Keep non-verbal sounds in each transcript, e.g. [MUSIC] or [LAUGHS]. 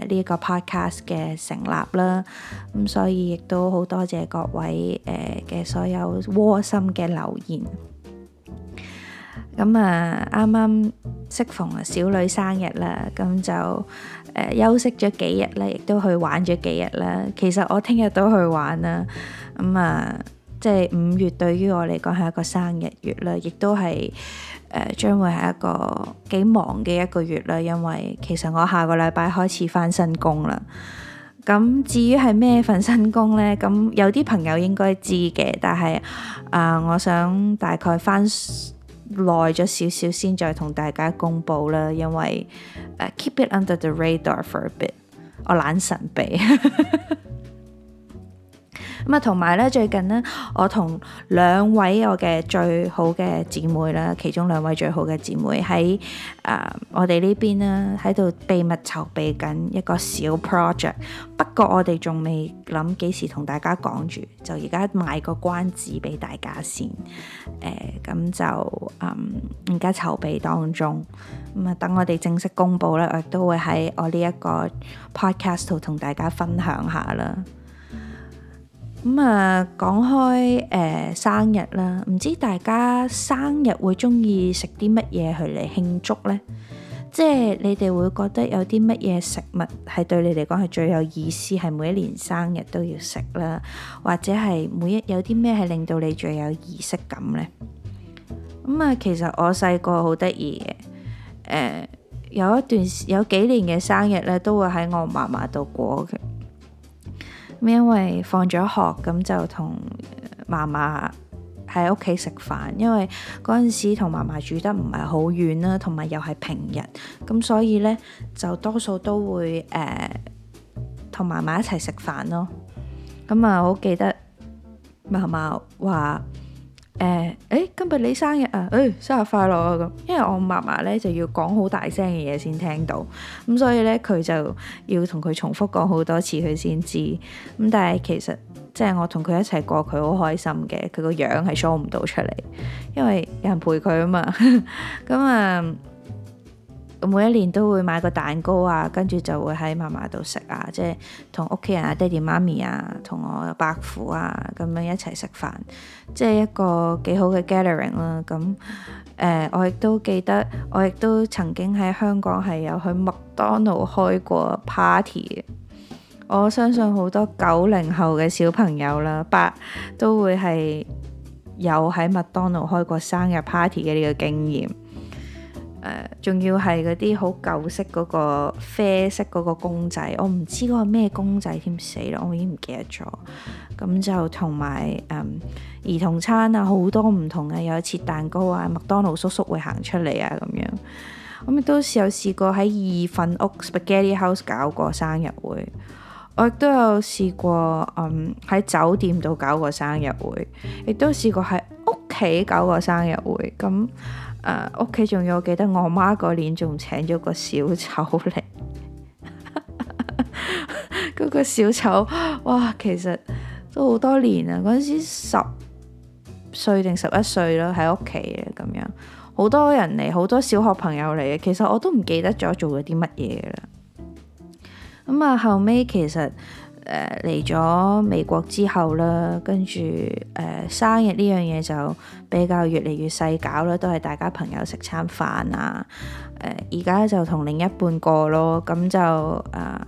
誒呢一個 podcast 嘅成立啦，咁所以亦都好多謝各位誒嘅所有窩心嘅留言。咁啊，啱啱適逢小女生日啦，咁就誒休息咗幾日咧，亦都去玩咗幾日啦。其實我聽日都去玩啦。咁啊，即係五月對於我嚟講係一個生日月啦，亦都係。誒、呃、將會係一個幾忙嘅一個月啦，因為其實我下個禮拜開始返新工啦。咁至於係咩份新工呢？咁有啲朋友應該知嘅，但係啊、呃，我想大概返耐咗少少先再同大家公布啦，因為、uh, keep it under the radar for a bit，我懶神秘。 [LAUGHS] 咁啊，同埋咧，最近咧，我同兩位我嘅最好嘅姊妹啦，其中兩位最好嘅姊妹喺啊、呃，我哋呢邊啦，喺度秘密籌備緊一個小 project，不過我哋仲未諗幾時同大家講住，就而家賣個關子俾大家先。誒、呃，咁就嗯，而、呃、家籌備當中，咁、嗯、啊，等我哋正式公佈咧，我亦都會喺我呢一個 podcast 度同大家分享下啦。咁啊、嗯，講開誒、呃、生日啦，唔知大家生日會中意食啲乜嘢去嚟慶祝呢？即係你哋會覺得有啲乜嘢食物係對你嚟講係最有意思，係每一年生日都要食啦，或者係每一有啲咩係令到你最有儀式感呢？咁、嗯、啊，其實我細個好得意嘅，誒、呃、有一段有幾年嘅生日咧，都會喺我嫲嫲度過嘅。因為放咗學，咁就同嫲嫲喺屋企食飯。因為嗰陣時同嫲嫲住得唔係好遠啦，同埋又係平日，咁所以呢，就多數都會誒同嫲嫲一齊食飯咯。咁啊，我好記得嫲嫲話，誒、uh, 今日你生日啊！誒、哎，生日快樂啊！咁，因為我嫲嫲呢就要講好大聲嘅嘢先聽到，咁所以呢，佢就要同佢重複講好多次佢先知，咁但係其實即係我同佢一齊過，佢好開心嘅，佢個樣係 show 唔到出嚟，因為有人陪佢啊嘛，咁 [LAUGHS] 啊、嗯。每一年都會買個蛋糕啊，跟住就會喺嫲嫲度食啊，即係同屋企人啊、爹哋媽咪啊、同我伯父啊咁樣一齊食飯，即係一個幾好嘅 gathering 啦、啊。咁、嗯、誒，我亦都記得，我亦都曾經喺香港係有去麥當勞開過 party。我相信好多九零後嘅小朋友啦，八都會係有喺麥當勞開過生日 party 嘅呢個經驗。誒，仲要係嗰啲好舊式嗰個啡色嗰個公仔，我唔知嗰個咩公仔添死啦，我已經唔記得咗。咁就同埋誒兒童餐啊，好多唔同嘅，有一切蛋糕啊，麥當勞叔叔會行出嚟啊咁樣。咁亦都試有試過喺意粉屋 Spaghetti House 搞過生日會，我亦都有試過誒喺、嗯、酒店度搞過生日會，亦都試過喺屋企搞過生日會，咁。誒屋企仲有，uh, 記得我媽嗰年仲請咗個小丑嚟，嗰 [LAUGHS] 個小丑哇，其實都好多年啦，嗰陣時十歲定十一歲啦，喺屋企嘅咁樣，好多人嚟，好多小學朋友嚟嘅，其實我都唔記得咗做咗啲乜嘢啦。咁啊，後尾，其實。誒嚟咗美國之後啦，跟住誒、呃、生日呢樣嘢就比較越嚟越細搞啦，都係大家朋友食餐飯啊。而、呃、家就同另一半過咯，咁就啊，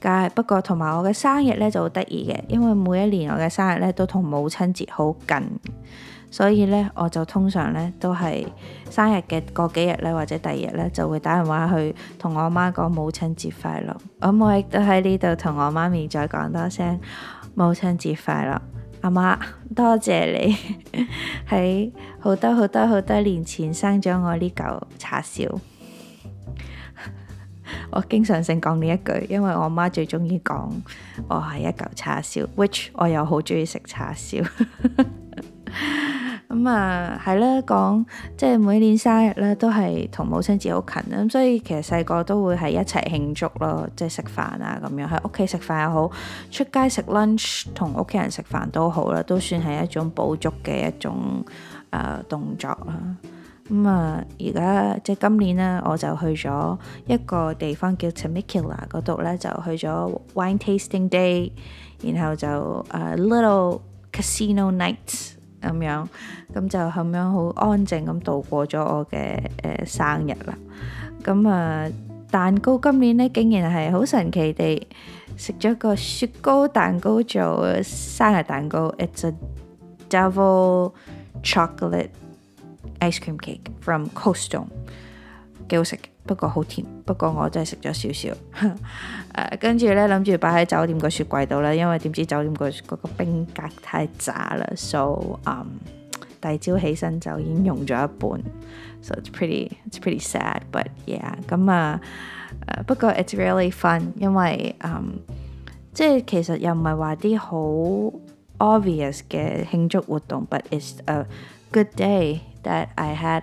梗、呃、係不過同埋我嘅生日呢就好得意嘅，因為每一年我嘅生日呢都同母親節好近。所以咧，我就通常咧都係生日嘅過幾日咧，或者第二日咧，就會打電話去同我媽講母親節快樂。咁我亦都喺呢度同我媽咪再講多聲母親節快樂，阿媽，媽多謝你喺好多好多好多年前生咗我呢嚿叉燒。 [LAUGHS] 我經常性講呢一句，因為我媽最中意講我係一嚿叉燒，which 我又好中意食叉燒。 [LAUGHS] 咁啊，係啦、嗯，講即係每年生日咧，都係同母親節好近啦，咁所以其實細個都會係一齊慶祝咯，即係食飯啊咁樣，喺屋企食飯又好，出街食 lunch 同屋企人食飯都好啦，都算係一種補足嘅一種誒、呃、動作啦。咁、嗯、啊，而、嗯、家即係今年咧，我就去咗一個地方叫 Temecula 嗰度咧，就去咗 wine tasting day，然後就誒、uh, little casino nights。咁樣，咁就咁樣好安靜咁度過咗我嘅誒生日啦。咁啊，蛋糕今年咧竟然係好神奇地食咗個雪糕蛋糕做生日蛋糕。It's a double chocolate ice cream cake from Costco。幾好食。不過好甜，不過我真係食咗少少，誒跟住呢諗住擺喺酒店個雪櫃度啦，因為點知酒店個嗰個冰格太渣啦，so um 大朝起身就已經溶咗一半，so it's pretty it's pretty sad but yeah，咁啊誒不過 it's really fun，因為嗯即係其實又唔係話啲好 obvious 嘅慶祝活動，but it's a good day that I had。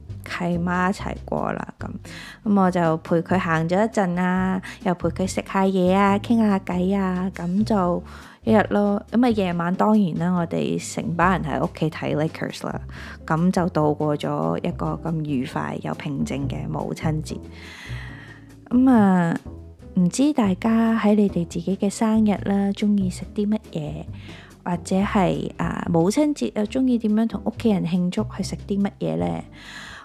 契媽一齊過啦，咁咁我就陪佢行咗一陣啊，又陪佢食下嘢啊，傾下偈啊，咁就一日咯。咁啊夜晚當然啦，我哋成班人喺屋企睇 Lakers 啦，咁就度過咗一個咁愉快又平靜嘅母親節。咁、嗯、啊，唔知大家喺你哋自己嘅生日啦，中意食啲乜嘢，或者係啊母親節又中意點樣同屋企人慶祝，去食啲乜嘢呢？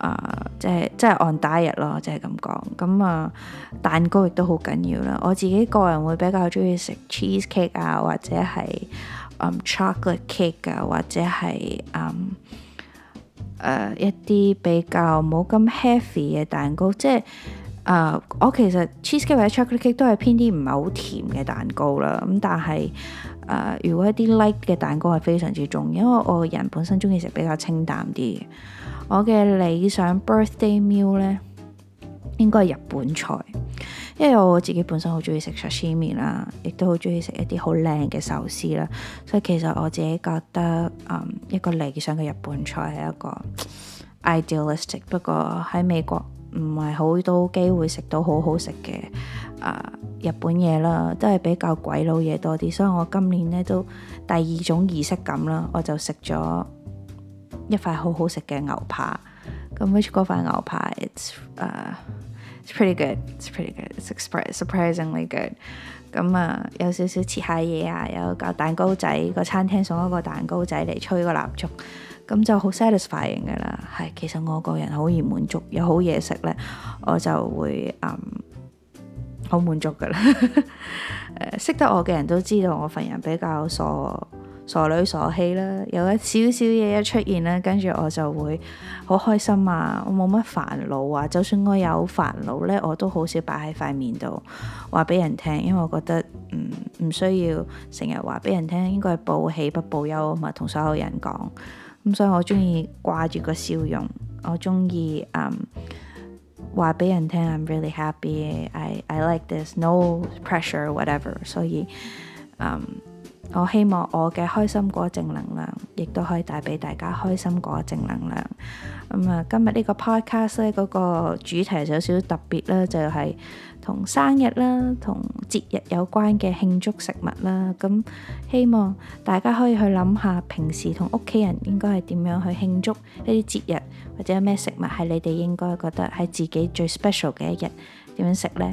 啊、uh，即係即係 on diet 咯，即係咁講。咁啊，uh, 蛋糕亦都好緊要啦。我自己個人會比較中意食 cheese cake 啊，或者係、um, chocolate cake 啊，或者係嗯誒一啲比較冇咁 heavy 嘅蛋糕。即係啊，uh, 我其實 cheese cake 或者 chocolate cake 都係偏啲唔係好甜嘅蛋糕啦。咁但係啊，uh, 如果一啲 light 嘅蛋糕係非常之重，因為我個人本身中意食比較清淡啲。我嘅理想 birthday meal 呢，應該係日本菜，因為我自己本身好中意食 sashimi 啦，亦都好中意食一啲好靚嘅壽司啦，所以其實我自己覺得，嗯，一個理想嘅日本菜係一個 idealistic，不過喺美國唔係好多機會食到好好食嘅啊日本嘢啦，都係比較鬼佬嘢多啲，所以我今年呢，都第二種儀式感啦，我就食咗。一塊好好食嘅牛排，咁，which 嗰塊牛排，it's、uh, it's pretty good，it's pretty good，it's surprisingly good。咁、uh, 啊，有少少切下嘢啊，有個蛋糕仔，個餐廳送一個蛋糕仔嚟吹個蠟燭，咁就好 satisfying 㗎啦。係、哎，其實我個人好易滿足，有好嘢食咧，我就會嗯，好滿足㗎啦。誒、 [LAUGHS] uh,，識得我嘅人都知道我份人比較傻。傻女傻氣啦，有一少少嘢一出現啦，跟住我就會好開心啊！我冇乜煩惱啊，就算我有煩惱呢，我都好少擺喺塊面度話俾人聽，因為我覺得唔、嗯、需要成日話俾人聽，應該係報喜不報憂啊嘛，同所有人講。咁、嗯、所以我中意掛住個笑容，我中意誒話俾人聽，I'm really happy, I, I like this, no pressure, whatever. 所以、um, 我希望我嘅開心果正能量，亦都可以帶俾大家開心果正能量。咁啊，今日呢個 podcast 咧，嗰個主題有少少特別啦，就係同生日啦、同節日有關嘅慶祝食物啦。咁希望大家可以去諗下，平時同屋企人應該係點樣去慶祝一啲節日，或者咩食物係你哋應該覺得係自己最 special 嘅一日，點樣食呢？